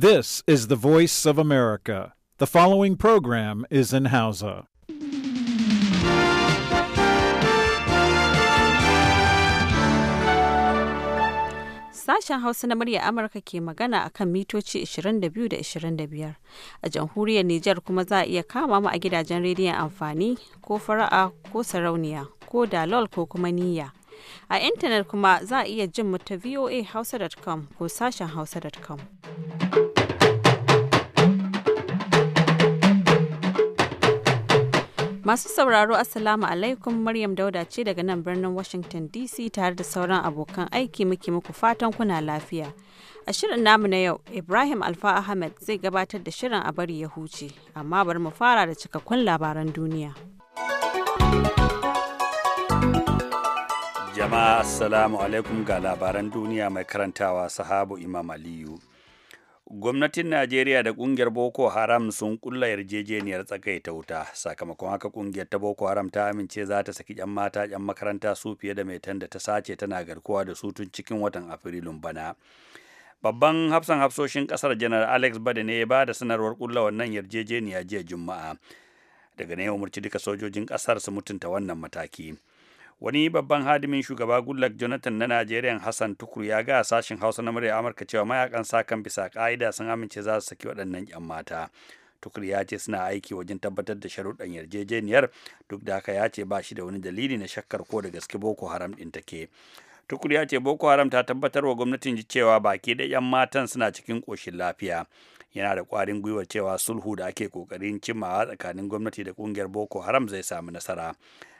This is the voice of America. The following program is in Hausa. Sashen Hausa na murya Amurka ke magana a kan mitoci 22 da 25. A jamhuriyar Nijar kuma za a iya kama mu a gidajen rediyon amfani ko fara'a ko sarauniya ko dalol ko kuma niyya. A intanet kuma za a iya jin mu ta voahausa.com ko sashen hausa.com. Masu sauraro Assalamu alaikum Maryam Dauda ce daga nan birnin Washington DC tare da sauran abokan aiki muke muku fatan kuna lafiya. A shirin namu na yau, Ibrahim Alfa Ahmed zai gabatar da shirin a bari ya huce, amma bari mu fara da cikakkun labaran duniya. Jama'a Assalamu alaikum ga labaran duniya mai karantawa sahabu Imam Aliyu. gwamnatin najeriya da ƙungiyar boko haram sun kulla yarjejeniyar tsakaita wuta sakamakon haka ƙungiyar ta boko haram ta amince za ta saki yan mata yan makaranta su fiye da mai da ta sace tana garkuwa da su tun cikin watan afrilun bana babban hafsan hafsoshin ƙasar janar alex bada ne ya ba da sanarwar kulla wannan yarjejeniya jiya juma'a daga ne ya umarci duka sojojin ƙasar su mutunta wannan mataki wani babban hadimin shugaba goodluck jonathan na najeriya hassan Tukuru ya ga sashen hausa na murya amurka cewa mayakan sa kan bisa ka'ida sun amince za su saki waɗannan 'yan mata tukur ya ce suna aiki wajen tabbatar da sharuɗan yarjejeniyar duk da haka ya ce ba shi da wani dalili na shakkar ko da gaske boko haram ɗin take tukur ya ce boko haram ta tabbatar wa gwamnatin ji cewa baki da 'yan matan suna cikin ƙoshin lafiya yana da ƙwarin gwiwar cewa sulhu da ake ƙoƙarin cimmawa tsakanin gwamnati da ƙungiyar boko haram zai samu nasara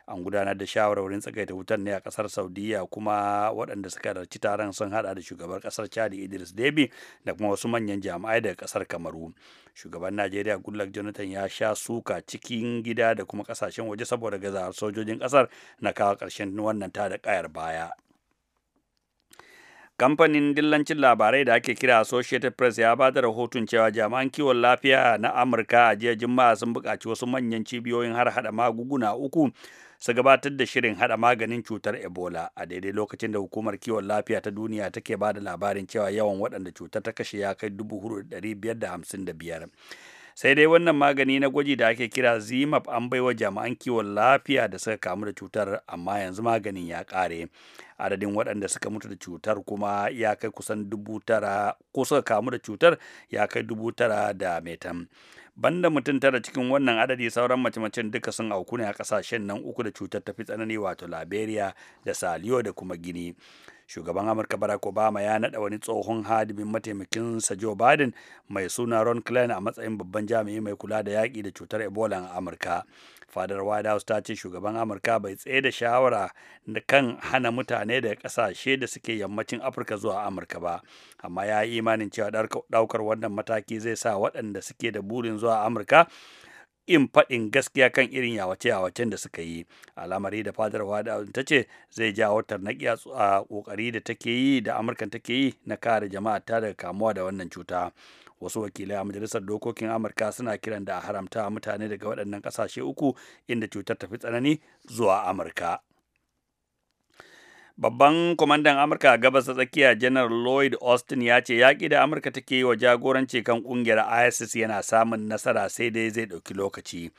an gudanar da shawarwarin tsakaita wutar ne a kasar saudiya kuma waɗanda suka darci taron sun hada da shugaban kasar chad idris debi da kuma wasu manyan jami'ai daga kasar kamaru shugaban najeriya goodluck jonathan ya sha suka cikin gida da kuma kasashen waje saboda gazawar sojojin kasar na kawo ƙarshen wannan da kayar baya kamfanin dillancin labarai da ake kira associated press ya ba da rahoton cewa jami'an kiwon lafiya na amurka a jiya juma'a sun buƙaci wasu manyan cibiyoyin har hada magunguna uku su gabatar da shirin hada maganin cutar ebola a daidai lokacin da hukumar kiwon lafiya ta duniya take ba da labarin cewa yawan waɗanda cutar ta kashe ya kai da da hamsin biyar. sai dai wannan magani na gwaji da ake kira zimap an bai wa jami'an kiwon lafiya da suka kamu da cutar amma yanzu maganin ya kare adadin waɗanda suka mutu da cutar kuma ya kai kusan dubu tara ko suka kamu da cutar ya kai dubu tara da metan banda mutum tara cikin wannan adadi sauran mace-macen duka sun auku ne a kasashen nan uku da cutar tafi tsanani wato liberia da salio da kuma gini shugaban amurka barack obama ya nada wani tsohon hadimin mataimakinsa joe biden mai suna ron klein a matsayin babban jami'i mai kula da yaƙi da cutar ebola a amurka fadar white house ta ce shugaban amurka bai tsaye da shawara da kan hana mutane da kasashe da suke yammacin afirka zuwa amurka ba amma ya yi imanin cewa daukar wannan mataki zai sa waɗanda suke da burin zuwa amurka in faɗin gaskiya kan irin yawace-yawacen da suka yi alamari da fadar wada ta ce zai ja watar na a ƙoƙari da take yi da amurka take yi na kare jama'a ta daga kamuwa da wannan cuta wasu wakilai a majalisar dokokin amurka suna kiran da haramta mutane daga waɗannan ƙasashe uku inda cutar tafi tsanani zuwa amurka Babban kwamandan Amurka a gabas ta tsakiya Janar Lloyd Austin ya ce yaƙi da Amurka take yi wa jagoranci kan ƙungiyar ISIS yana samun nasara sai dai zai ɗauki lokaci.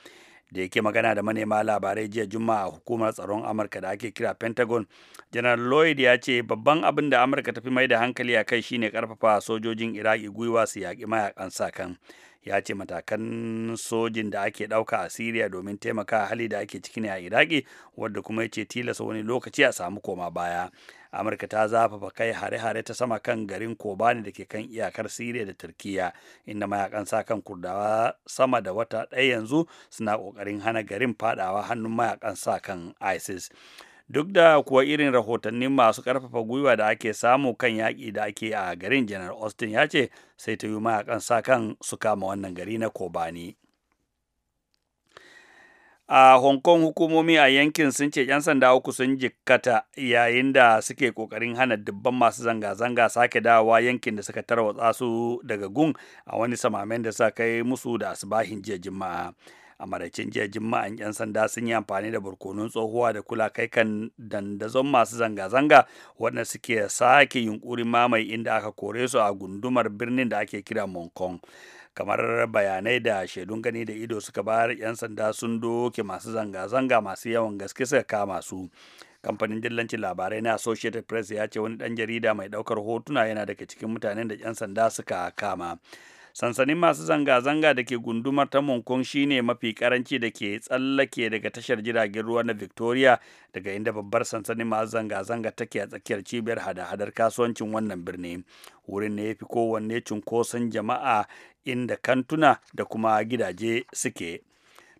da yake magana da manema labarai jiya juma'a a hukumar tsaron amurka da ake kira pentagon janar lloyd ya ce babban abin da amurka tafi mai da hankali a kai shine karfafa sojojin iraki gwiwa su yaƙi mayakan sa kan ya ce matakan sojin da ake ɗauka a Siriya domin taimaka hali da ake ciki ne a Iraki wadda kuma ya ce tilasa wani lokaci a samu koma baya. amurka ta zafafa kai hare-hare ta sama kan garin kobani da ke kan iyakar siriya da turkiya inda mayakan sa kan kurdawa sama da wata ɗaya yanzu suna ƙoƙarin hana garin fadawa hannun mayakan sa kan isis duk da kuwa irin rahotannin masu karfafa gwiwa da ake samu kan yaƙi da ake a garin janar austin ya ce sai ta yi mayakan sa kan su kama wannan gari na kobani a hong kong hukumomi a yankin sun ce 'yan sanda uku sun jikkata yayin da suke kokarin hana dubban masu zanga-zanga sake dawowa yankin da suka tarwatsa su daga gun a wani samamen da suka kai musu da asibahin jiya juma'a a maraicin jiya jima'an 'yan sanda sun yi amfani da barkonun tsohuwa da kula kai kan dandazon masu zanga-zanga waɗanda suke sake yunkuri mamaye inda aka kore su a gundumar birnin da ake kira monkong kamar bayanai da shaidun gani da ido suka bayar 'yan sanda sun doke masu zanga-zanga masu yawan gaske suka kama su kamfanin dillancin labarai na associated press ya ce wani dan jarida mai daukar hotuna yana daga cikin mutanen da 'yan sanda suka kama sansanin masu zanga-zanga da ke gundumar ta Monkong ne mafi karanci da ke tsallake daga tashar jiragen ruwa na Victoria daga inda babbar sansanin masu zanga-zanga take a tsakiyar cibiyar hada-hadar kasuwancin wannan birni wurin ne ya fi kowanne cunkoson jama'a inda kantuna da kuma gidaje suke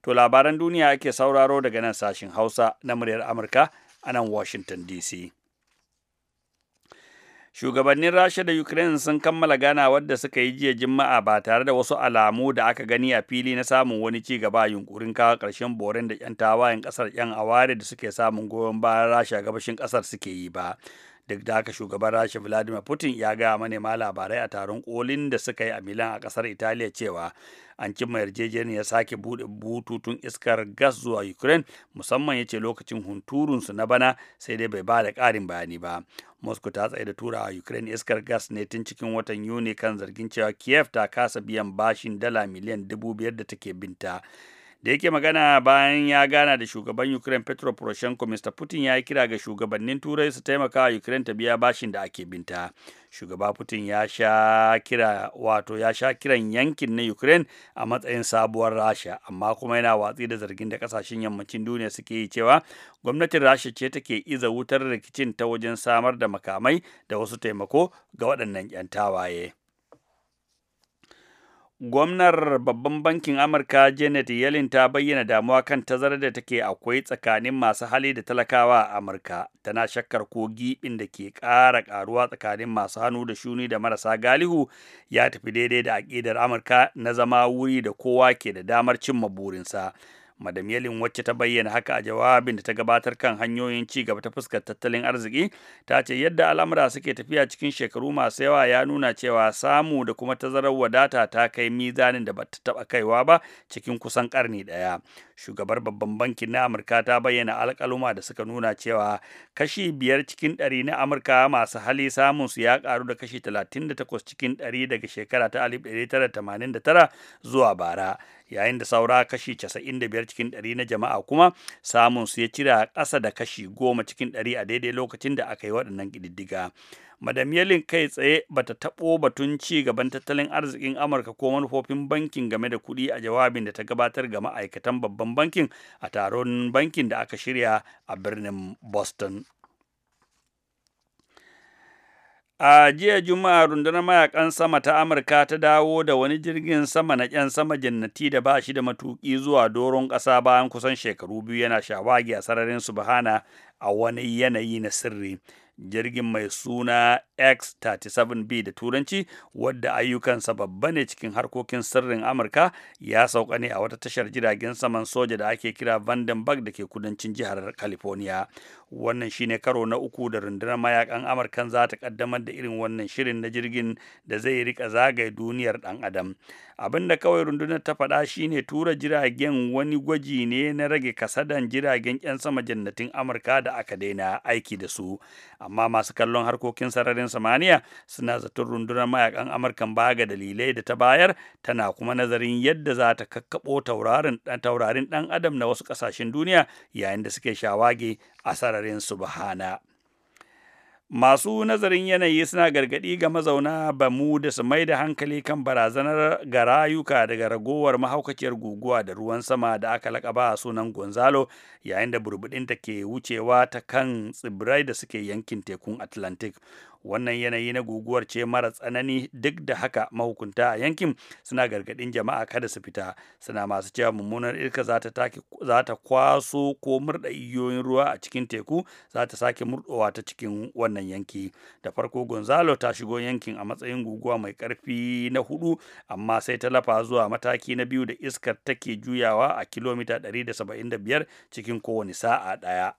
to labaran duniya ake sauraro daga nan sashen hausa na muryar amurka a nan washington dc shugabannin rasha da ukraine sun kammala ganawar wadda suka yi jiya juma'a ba tare da wasu alamu da aka gani a fili na samun wani ci gaba yunkurin kawo ƙarshen borin da 'yan tawayen ƙasar 'yan aware da suke samun goyon bayan rasha gabashin ƙasar suke yi ba duk da haka shugaban rasha vladimir putin ya gaya manema labarai a taron kolin da suka yi a milan a ƙasar italiya cewa an cimma yarjejeniyar sake buɗe bututun iskar gas zuwa ukraine musamman ya ce lokacin hunturunsu na bana sai dai bai ba da ƙarin bayani ba moscow ta tsaye da tura a ukraine iskar gas ne tun cikin watan yuni kan zargin cewa kiev ta kasa biyan bashin dala miliyan dubu biyar da take binta da yake magana bayan ya gana da shugaban ukraine petro poroshenko mr putin ya yi kira ga shugabannin turai su taimaka wa ukraine ta biya bashin da ake binta shugaba putin ya sha kira wato ya sha kiran yankin na ukraine a matsayin sabuwar rasha amma kuma yana watsi da zargin da kasashen yammacin duniya suke yi cewa gwamnatin rasha ce take iza wutar rikicin ta wajen samar da makamai da wasu taimako ga waɗannan 'yan tawaye. Gwamnar Babban Bankin Amurka Janet Yellen ta bayyana damuwa kan tazarar da take akwai tsakanin masu hali da talakawa a Amurka, tana shakkar ko giɓin da ke ƙara ƙaruwa tsakanin masu hannu da shuni da marasa galihu ya tafi daidai da aƙidar Amurka na zama wuri da kowa ke da damar cimma burinsa. madam yelin wacce ta bayyana haka a jawabin da ta gabatar kan hanyoyin ci gaba ta fuskar tattalin arziki ta ce yadda al'amura suke tafiya cikin shekaru masu yawa ya nuna cewa samu da kuma tazarar wadata ta kai mizanin da ba ta taba kaiwa ba cikin kusan karni ɗaya. shugabar babban bankin na amurka ta bayyana alkaluma da suka nuna cewa kashi biyar cikin ɗari na amurka masu hali samun su ya karu da kashi 38 cikin ɗari daga shekara ta 1989 zuwa bara yayin da saura kashi 95 cikin ɗari na jama'a kuma samun su ya cira ƙasa da kashi goma cikin ɗari a daidai lokacin da aka yi waɗannan ƙididdiga madam yalin kai tsaye bata taɓo batun ci gaban tattalin arzikin amurka ko manufofin bankin game da kuɗi a jawabin da ta gabatar ga ma'aikatan babban bankin a taron bankin da aka shirya a birnin boston a jiya juma'a rundunar mayakan sama ta amurka ta dawo da wani jirgin sama na yan sama jannati da ba shi da matuki zuwa doron ƙasa bayan kusan shekaru biyu yana shawagi a sararin subhana a wani yanayi na sirri jirgin mai suna X-37B da Turanci wadda ayyukansa babba ne cikin harkokin sirrin Amurka ya sauka ne a wata tashar jiragen saman soja da ake kira Vandenberg da ke kudancin jihar California. Wannan shine karo na uku da rundunar mayakan Amurkan za ta kaddamar da irin wannan shirin na jirgin da zai rika zagaye duniyar ɗan adam. Abin da kawai rundunar ta faɗa shine tura jiragen wani gwaji ne na rage kasadan jiragen 'yan sama jannatin Amurka da aka daina aiki da su. Amma masu kallon harkokin sararin samaniya suna zaton rundunar mayakan amurkan ba ga dalilai da ta bayar tana kuma nazarin yadda za ta kakkaɓo taurarin ɗan adam na wasu ƙasashen duniya yayin da suke shawage a sararin subhana. Masu nazarin yanayi suna gargadi ga mazauna da su mai da hankali kan barazanar ga rayuka daga ragowar mahaukaciyar guguwa da ruwan sama da aka lakaba a sunan Gonzalo yayin da burbudinta ke wucewa ta kan tsibirai da suke yankin tekun Atlantic. wannan yanayi na guguwar ce mara tsanani duk da haka mahukunta a yankin suna gargadin jama'a kada su fita suna masu cewa mummunar irka za ta kwaso ko murda iyoyin ruwa a cikin teku za ta sake murdowa ta cikin wannan yanki da farko gonzalo ta shigo yankin a matsayin guguwa mai karfi na hudu amma sai ta lafa zuwa mataki na biyu da iskar take juyawa a kilomita 175 cikin kowane sa'a ɗaya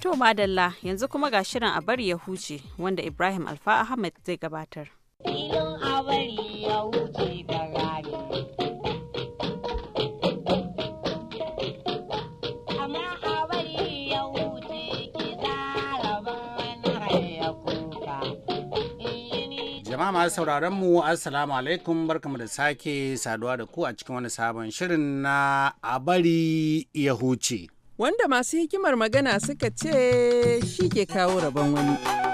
To madalla yanzu kuma ga shirin a bari ya huce wanda Ibrahim Alfa ahmed zai gabatar. Jama'a masu sauraron mu Assalamu alaikum barkamu da sake saduwa da ku a cikin wani sabon shirin na a bari ya huce. Wanda masu hikimar magana suka ce shi ke kawo rabon wani.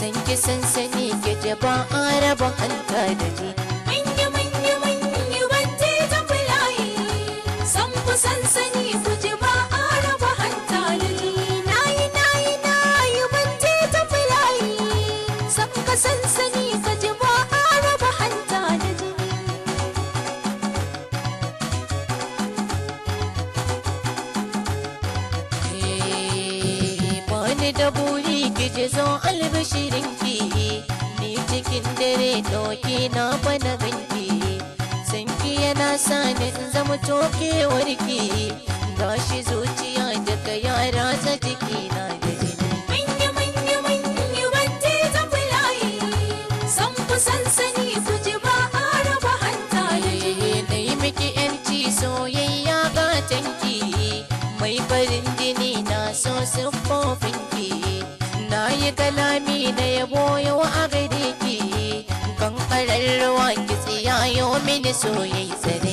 sanki ki sansani ke jaban araba hanta da ji albishirin ki ni cikin dare ɗauki na bana ganki san ki yana sani in zama tokewar ki gashi zuciya daga yara ta jiki na da jini manya manya manya wanda ta bulayi san ku sansani ku ji ba a raba hantaye na yi miki yanci soyayya tanki, mai farin jini na so siffofin Sami da yabo yau a gare ki kan kararrawa ki tsiya yau mini soyayya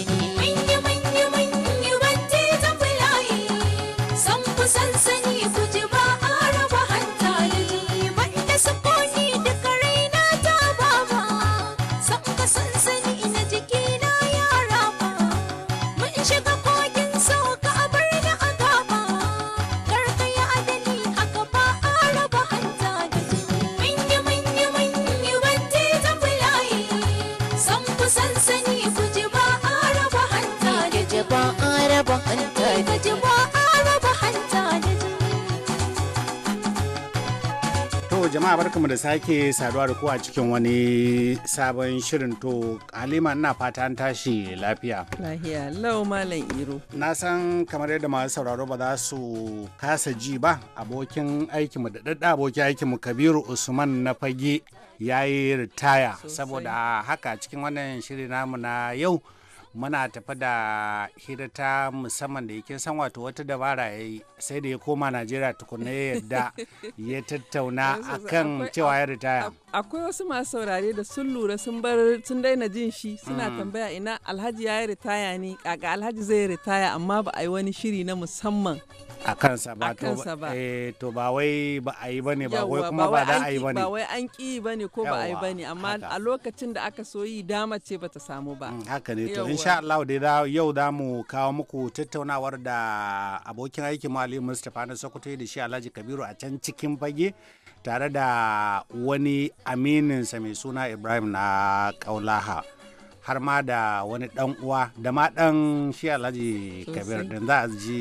jama'a barkamu da sake saduwa da kowa cikin wani sabon shirin to halima ina fata an tashi lafiya lafiya lau malam iro na san kamar yadda masu sauraro ba za su kasa ji ba abokin aikinmu da dadda abokin aikinmu kabiru usman na fage yayi ritaya saboda haka cikin wannan shiri namu na yau muna tafi da hira ta musamman da yake san wato wata dabara ya yi sai da ya koma najeriya tukuna ya yadda ya tattauna akan cewa ya ritaya akwai wasu masu saurare da sun lura sun bar sun daina jin shi suna mm. tambaya ina alhaji ya ritaya ne kaga alhaji zai ritaya amma ba a yi wani shiri na musamman a kansa ba eh, to ba wai ba a yi bane ba wai kuma ba da a yi bane ba wai an ki bane ko ba a yi bane amma a lokacin da aka so yi dama ce ba ta samu ba mm, haka ne to insha Allah dai yau da mu kawo muku tattaunawar da abokin aikin Malam Mustapha na Sokoto da shi Alhaji Kabiru a can cikin fage tare da wani amininsa mai suna Ibrahim na Kaulaha. har ma da wani dan uwa da ma dan shi alhaji kabir din za a ji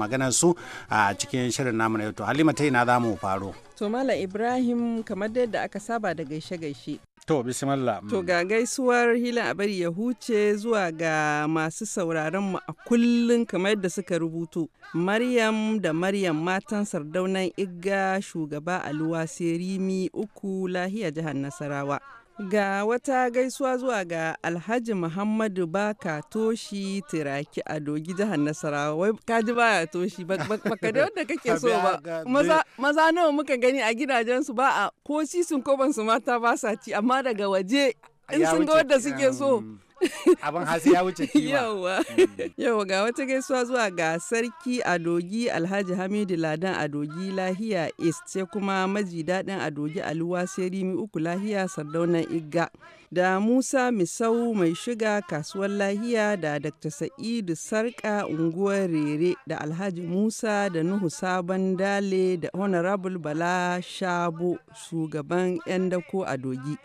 maganar su a cikin shirin namu na yau halima ta ina za mu faro to malam ibrahim kamar yadda aka saba da gaishe gaishe To bismillah. To ga gaisuwar hila a bari ya huce zuwa ga masu sauraron mu a kullun kamar yadda suka rubutu. Maryam da Maryam matan sardaunan Igga shugaba Aluwa Serimi uku lahiya jihar Nasarawa. Ga wata gaisuwa zuwa ga Alhaji Muhammadu Baka Toshi Tiraki a Dogi jihar Nasarawa. Wai kaji baya Toshi baka da wanda kake so ba. Maza nawa muka gani a gidajensu ba a ko sisun ko ban su mata ba sa ci amma daga waje in sun ga wadda suke so abin hasi ya wuce kiwa yawa mm. ga wata gaisuwa zuwa ga sarki adogi alhaji hamidu ladan adogi lahiya east sai kuma maji daɗin adogi aluwa sai rimi uku lahiya sardauna iga da musa misau mai shiga kasuwar lahiya da dr sa'idu sarka unguwar rere da alhaji musa da nuhu sabon dale da honorable bala shabo shugaban 'yan dako adogi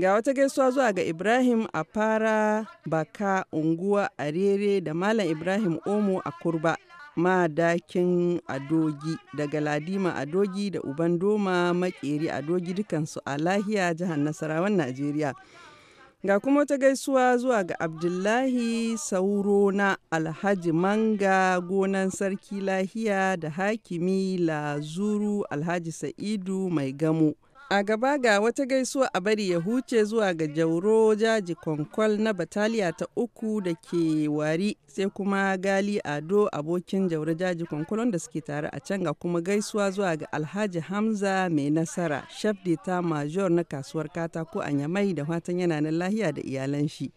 Ga wata gaisuwa zuwa ga Ibrahim a fara baka unguwa a rere da Malam Ibrahim Omo a kurba. Madakin Adogi daga Ladima Adogi da Uban Doma Makeri Adogi dukansu a lahiya jihar Nasarawan Najeriya. Ga kuma wata gaisuwa zuwa ga Abdullahi Sauro na Alhaji Manga gonan Sarki Lahiya da Hakimi Lazuru Alhaji Sa'idu Mai Gamo. A gaba ga wata gaisuwa a bari ya huce zuwa ga Jauro Jaji Konkwal na Bataliya ta uku da ke wari sai kuma Gali Ado abokin Jauro Jaji Konkwal wanda suke tare a can ga kuma gaisuwa zuwa ga Alhaji Hamza mai nasara shafdita major na kasuwar katako a Nyamai da watan yana nan lahiya da iyalan shi.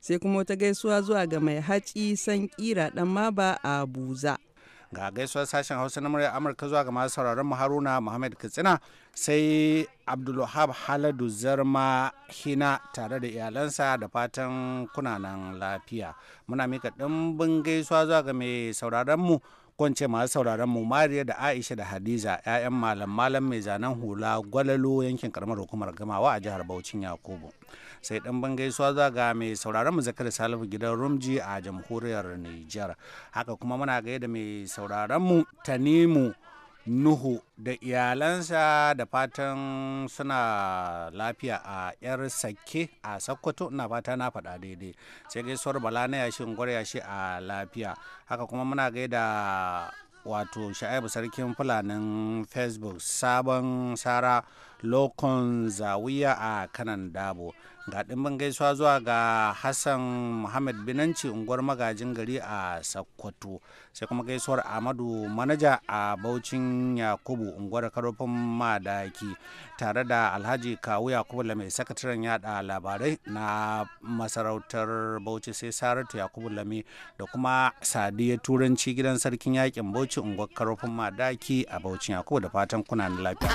Sai kuma wata gaisuwa zuwa ga mai haci san kira dan maba a Buza. ga gaisuwar sashen hausa na murya amurka zuwa ga masu sauraron mu haruna muhammad katsina sai abdulwahab haladu zarma hina tare da iyalansa da fatan kunanan lafiya muna mika ɗimbin gaisuwa zuwa ga mai sauraron mu kwance masu sauraron mu mariya da aisha da hadiza 'ya'yan malam malam mai zanen hula gwalalo yankin karamar hukumar gamawa a jihar bauchin yakubu sai dan ban gaisuwa za ga mai sauraron mu zakar salihu gidan rumji a jamhuriyar Nijar. haka kuma muna gaida mai sauraron mu tanimu Nuhu da iyalansa da fatan suna lafiya a 'yar sake a Sokoto na fata na faɗa daidai sai gaisuwar bala na yashin gwarya shi a lafiya haka kuma muna gaida wato sha'ibu sarkin fulanin facebook sabon sara lokon zawiya a kanan dabo ga ɗimbin gaisuwa zuwa ga hassan muhammad binanci unguwar magajin gari a sakkwato sai kuma gaisuwar amadu manaja a baucin yakubu unguwar karofin madaki tare da alhaji kawu yakubu lame sakataren yada labarai na masarautar bauchi sai saratu yakubu lame da kuma sadiya turanci gidan sarkin yakin bauchi unguwar karofin madaki a baucin yakubu da fatan kuna lafiya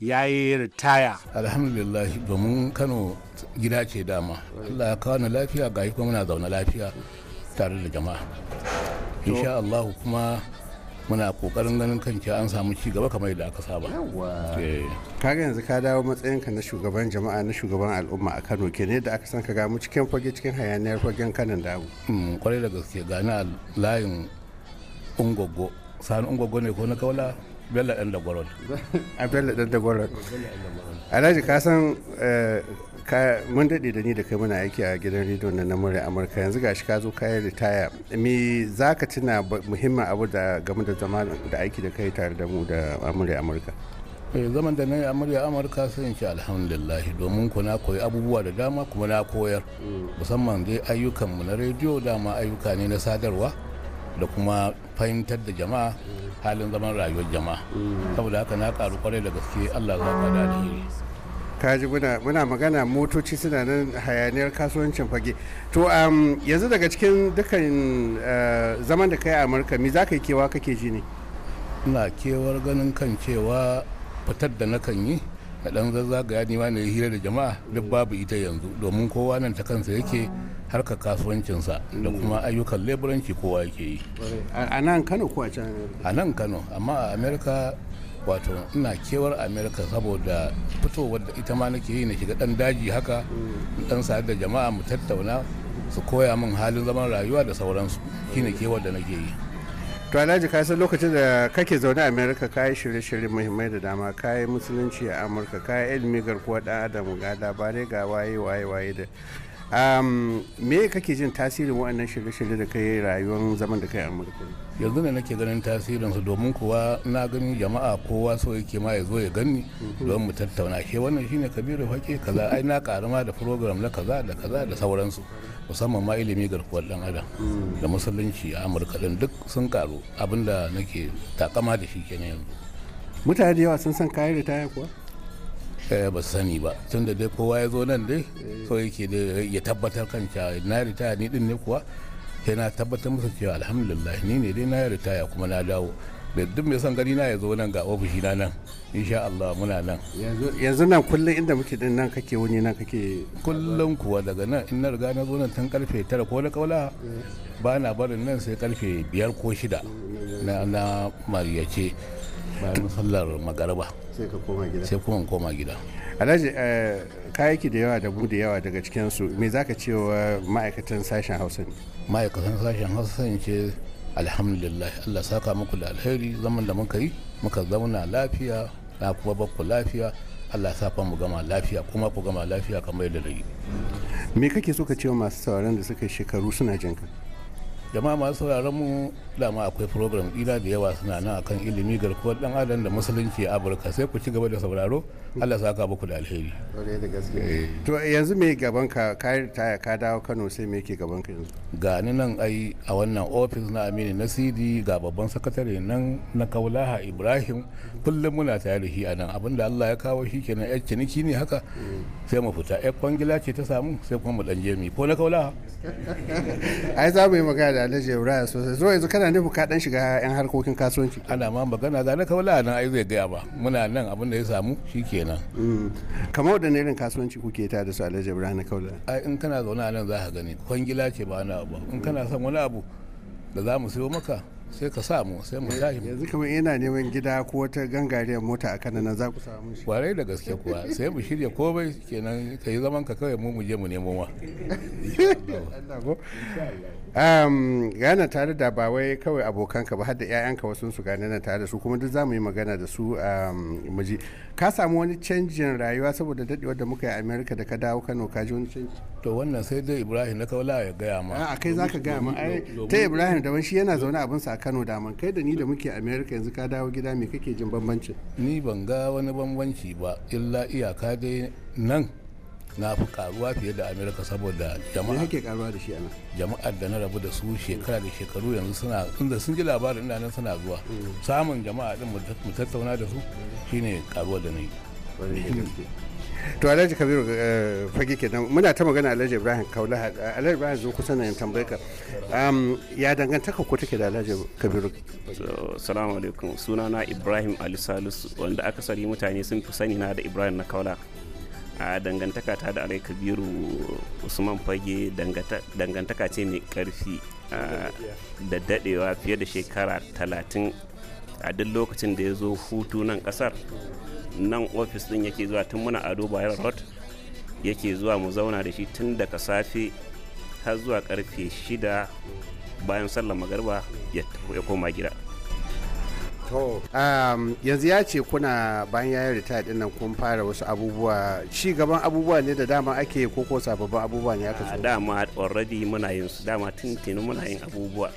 ya yi ritaya alhamdulillah domin kano gida ce dama allah ya kawo na lafiya ga kuma muna zaune lafiya tare da jama'a insha allah kuma muna kokarin ganin kan an samu ci gaba kamar yadda aka saba. Eh. ka ga yanzu ka dawo matsayinka na shugaban jama'a na shugaban al'umma a Kano ne da aka san ka gamu cikin fage cikin hayaniyar fagen kanan dawo. kwarai mm, da gaske gani a layin ungogo sani ungogo ne ko na kaula bello a bello dan da alhaji ka san eh, mun daɗe da ni da kai muna aiki a gidan rediyo na amurka yanzu gashi ka zo kayan ritaya me za ka tuna muhimmin abu da game da zama da aiki da kai tare da mu da amurka amurka eh, zaman da na yi amurya amurka sai in alhamdulillah domin ku na koyi abubuwa da dama kuma na koyar mm. musamman dai ayyukanmu na rediyo dama ayyuka ne na sadarwa da kuma fahimtar da jama'a halin zaman rayuwar jama'a saboda haka na karu kwarai da gaske allah za ka da alheri kaji muna muna magana motoci suna nan hayaniyar kasuwancin fage to um, yanzu daga cikin dukkan eh, zaman da kai a amurka me za ka yi kewa kake ji ne ina kewar ganin kan cewa fitar da nakan yi na dan zazzagaya ya ma na hira da jama'a duk babu ita yanzu domin kowa nan ta kansa yake harkar kasuwancinsa da mm. kuma ayyukan leburanci kowa yake yi a nan kano ko a can a nan kano amma a amerika wato ina kewar amerika saboda fitowar da ita ma nake yi na shiga dan daji haka dan mm. sa da jama'a mu tattauna su koya min halin zaman rayuwa da sauransu shine kewar da nake yi to alhaji ka san lokacin da kake zaune a america ka yi shirye-shirye muhimmai da dama ka yi musulunci a amurka ka yi ilimi garkuwa dan adam ga labarai ga waye waye waye da me kake jin tasirin waɗannan shirye-shirye da kai rayuwar zaman da kai amurka yanzu ne nake ganin tasirin su domin kuwa na gani jama'a kowa so yake ma ya zo ya gani mhm. don mu tattauna ke wannan shine kabiru fake kaza ai na karama da program na kaza da kaza da sauransu musamman ma ilimi garkuwar dan adam mm. da musulunci a amurka din duk sun karu abinda nake takama da shi kenan yanzu mutane da yawa sun san kayan ritaya kuwa Eh, ba su sani ba tun da dai kowa ya zo nan dai so yake da ya tabbatar kan cewa na ritaya ni din ne kuwa sai na tabbatar musu cewa alhamdulillah ni ne dai na ritaya kuma na dawo da duk mai son gari na ya zo nan ga ofishi na nan insha Allah muna nan yanzu nan kullum inda muke din nan kake wani nan kake kullum kuwa daga nan in na riga na zo nan tun karfe 9 ko na kaula ba na barin nan sai karfe 5 ko 6 na na mariyace bayan sallar magaraba sai koma gida kuma koma gida alhaji eh, da yawa da bu yawa daga cikinsu su za ka ce wa ma'aikatan sashen hausa ma'aikatan sashen hausa ne ce alhamdulillah Allah saka muku da alheri zaman da muka yi muka zauna lafiya na kuma bakku lafiya Allah sa mu gama lafiya kuma ku gama lafiya kamar yadda na yi me kake so ka ce masu sauran da suka shekaru suna jinka jama'a masu sauraron mu dama akwai program dina da yawa suna nan akan ilimi garkuwar dan adam da musulunci a Afirka sai ku ci gaba da sauraro Allah ya saka muku da alheri eh. to yanzu me gaban ka ka taya ka dawo Kano sai me yake gaban ka yanzu ga ni nan ai a wannan office na Aminu CD ga babban sakatare nan na Kaulaha Ibrahim kullum muna tare da shi a nan abinda Allah ya kawo shi kenan yar ciniki ne haka mm. sai mu fita yar kwangila ce ta samu sai kuma mu dan je mi ko na Kaulaha ai za mu yi magana da alhaji ibrahim sosai zuwa yanzu kana nufin ka dan shiga yan harkokin kasuwanci ana ma magana da na kawo nan ai zai gaya ba muna nan abin da ya samu shi kenan. Mm. kamar da irin kasuwanci kuke ta da su alhaji ibrahim na kaula ai in kana zaune a nan za ka gani kwangila ce ba na abu in kana son wani abu da za mu sayo maka sai ka samu sai mu tashi yanzu kamar yana neman gida ko wata gangariyar mota a kanan nan za ku samu shi kwarai da gaske kuwa sai mu shirya komai kenan ka yi zaman ka kawai mu mu je mu nemo ma um, gana tare da ba wai kawai abokanka ba har da 'ya'yanka wasu su gane nan tare da su kuma duk za mu yi magana da su um, muji ka samu wani canjin rayuwa saboda dadewar da muka yi amerika da ka dawo kano ka ji wani canji to wannan sai dai ibrahim na kaula ya gaya ma a kai zaka gaya ma ai ta ibrahim daban shi yana zaune abin sa kano daman kai da ni da muke america yanzu ka dawo gida me kake jin bambancin ni ban ga wani bambanci ba illa iyaka dai nan na fi karuwa fiye da amerika saboda jama'a yake karuwa da shi ana jama'ar da na rabu da su shekara da shekaru yanzu suna inda sun ji labarin da nan suna zuwa mm. samun jama'a din mu tattauna da su shine karuwa da na yi to alhaji kabiru eh, fage nan muna ta magana alhaji ibrahim kaula alhaji ibrahim zo kusa na tambayi ka ya dangantaka ko take da alhaji kabiru assalamu alaikum sunana ibrahim ali salisu wanda aka sani mutane sun fi sani na da ibrahim na kaula a dangantaka ta da alai kabiru usman fage dangantaka ce mai karfi da dadewa fiye da shekara talatin a duk lokacin da ya zo hutu nan kasar nan ofis din yake zuwa tun muna ado bayan rot yake zuwa mu zauna da shi tun daga safe har zuwa karfe shida bayan sallama garba ya koma gida to um, yanzu ya ce kuna bayan ya yi retire din nan kun fara wasu abubuwa ci gaban abubuwa ne da dama ake ko ko sababbin abubuwa ne aka so dama already muna yin su dama tuntuni muna yin abubuwa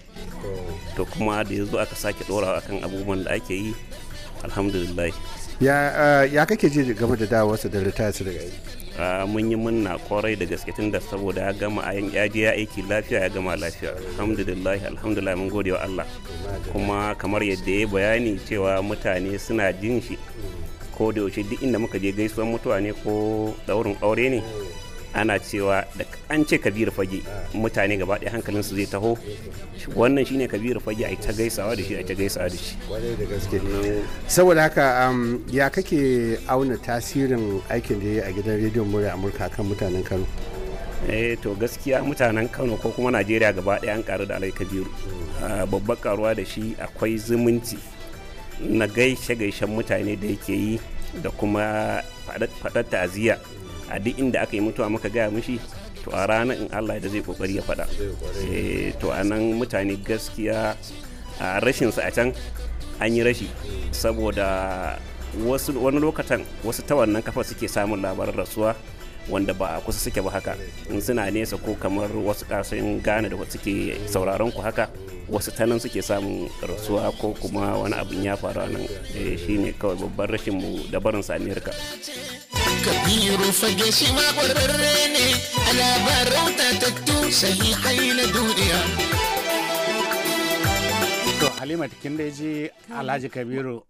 to kuma da yanzu aka sake dorawa akan abubuwan da ake yi alhamdulillah ya uh, kake ji game da dawowarsa da retire su daga Ah, mun yi munna kwarai da gaske tun da saboda ya gama a yan yaji ya aiki lafiya ya gama lafiya alhamdulillah alhamdulillah mun gode wa Allah kuma kamar yadda ya bayani cewa mutane suna jin shi ko da yaushe duk inda muka je gaisuwan mutuwa ne ko daurin aure ne ana cewa da an ce kabiru fage mutane gaba ɗaya hankalin su zai taho wannan shine kabiru fage ai ta gaisawa da shi ai ta gaisawa da shi da gaske saboda haka um, ya kake auna tasirin aikin da ya a gidan rediyon murya amurka kan mutanen kano eh to gaskiya mutanen kano ko kuma najeriya gaba ɗaya an karu da alai kabiru babbar karuwa da shi akwai zumunci na gaishe gaishen mutane da yake yi da kuma faɗar ta'aziyya a duk inda aka yi mutuwa muka gaya mishi to a ranar in allah da zai kokari ya faɗa eh, to a nan mutane gaskiya a rashinsa a can an yi rashi saboda wasu wani lokacin wasu ta wannan kafa suke samun labarin rasuwa wanda ba a kusa suke ba haka in suna nesa ko kamar wasu kasan gane da suke sauraron ku haka wasu ta suke samun rasuwa ko kuma wani abin ya faru nan eh, shine kawai babban rashin mu da barin sa amerika كبير فجس ما غرني على بروتا تكتو سهي حيل دنيا halima kin da ji alhaji kabiru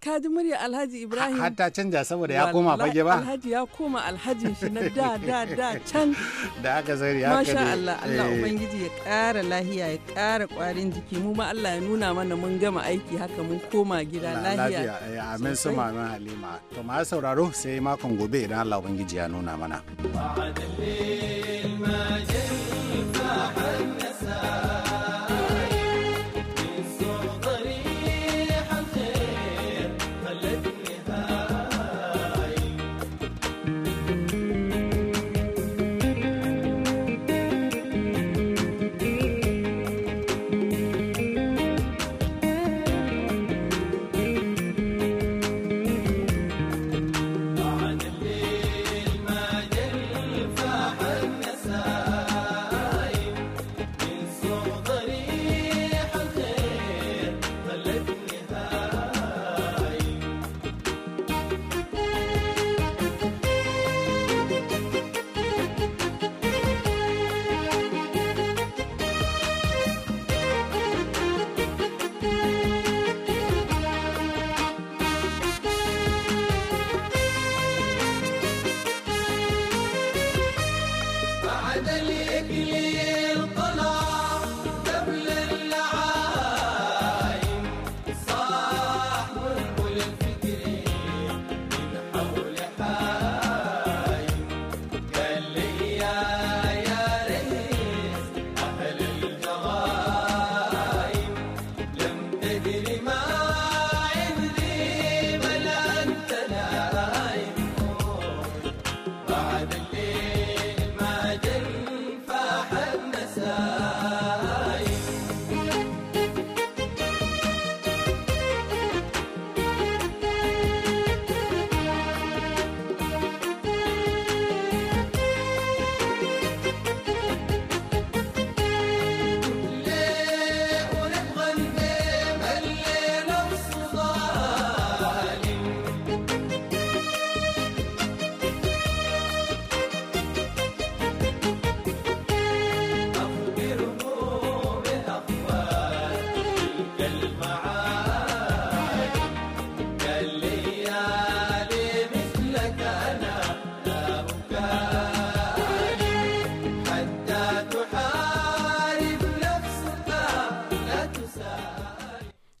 kaji murya alhaji ibrahim hatta canja saboda ya koma fage ba alhaji ya koma alhajin shi na da da da can da aka zari ya masha Allah Allah eh. ubangiji ya kara lahiya ya kara kwarin jiki mu ma Allah ya nuna mana mun gama aiki haka mun koma gida lahiya eh, amin su mamin halima to ma sauraro sai makon gobe idan Allah ubangiji ya nuna mana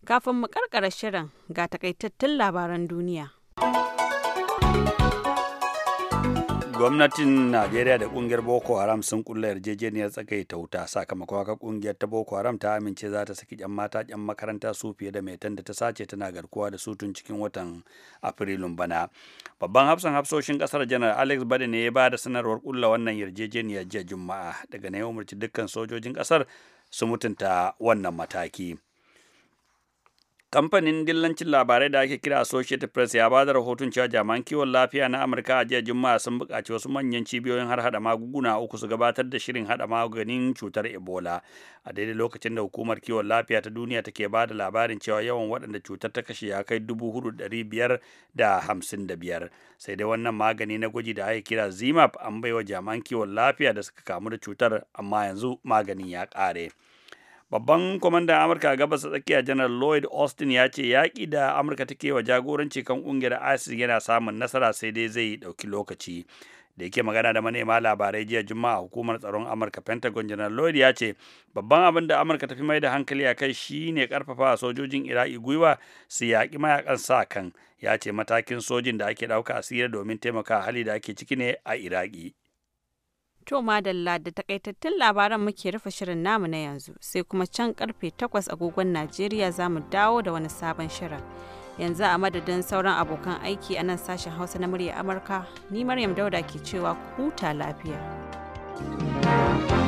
Kafin mu karkara shirin ga takaitattun labaran duniya. Gwamnatin Najeriya da kungiyar Boko Haram sun kulla yarjejeniyar ta wuta sakamakon haka kungiyar ta Boko Haram ta amince za ta saki yan mata yan makaranta su fiye da metan da ta sace tana garkuwa da su tun cikin watan Afrilun bana. Babban hafsan hafsoshin kasar janar Alex Bade ne ya ba da sanarwar kulla wannan yarjejeniyar jiya Juma'a daga na ya umarci dukkan sojojin kasar su mutunta wannan mataki. Kamfanin dillancin labarai da ake kira Associated Press ya ba da rahoton cewa jami'an kiwon lafiya na Amurka a jiya Juma'a sun buƙaci wasu manyan cibiyoyin har hada magunguna uku su gabatar da shirin hada maganin cutar Ebola. A daidai lokacin da hukumar kiwon lafiya ta duniya take ba da labarin cewa yawan waɗanda cutar ta kashe ya kai dubu hudu ɗari biyar da hamsin da biyar. Sai dai wannan magani na gwaji da ake kira Zimap an baiwa jami'an kiwon lafiya da suka kamu da cutar amma yanzu maganin ya ƙare. babban kwamandan amurka gabas tsakiya janar lloyd austin ya ce yaƙi da amurka take wa jagoranci kan ƙungiyar isis yana samun nasara sai dai zai ɗauki lokaci da yake magana da manema labarai jiya juma'a hukumar tsaron amurka pentagon janar lloyd ya ce babban abin da amurka ta fi mai da hankali a kai shi ne karfafa sojojin iraki gwiwa su yaƙi mayakan sa kan ya ce matakin sojin da ake ɗauka a domin taimaka hali da ake ciki ne a iraki To madalla da takaitattun labaran muke rufe shirin namu na yanzu sai kuma can karfe takwas agogon Najeriya za mu dawo da wani sabon shirin. Yanzu a madadin sauran abokan aiki a nan sashen Hausa na murya Amurka, ni Maryam Dauda ke cewa ku huta lafiya. thank you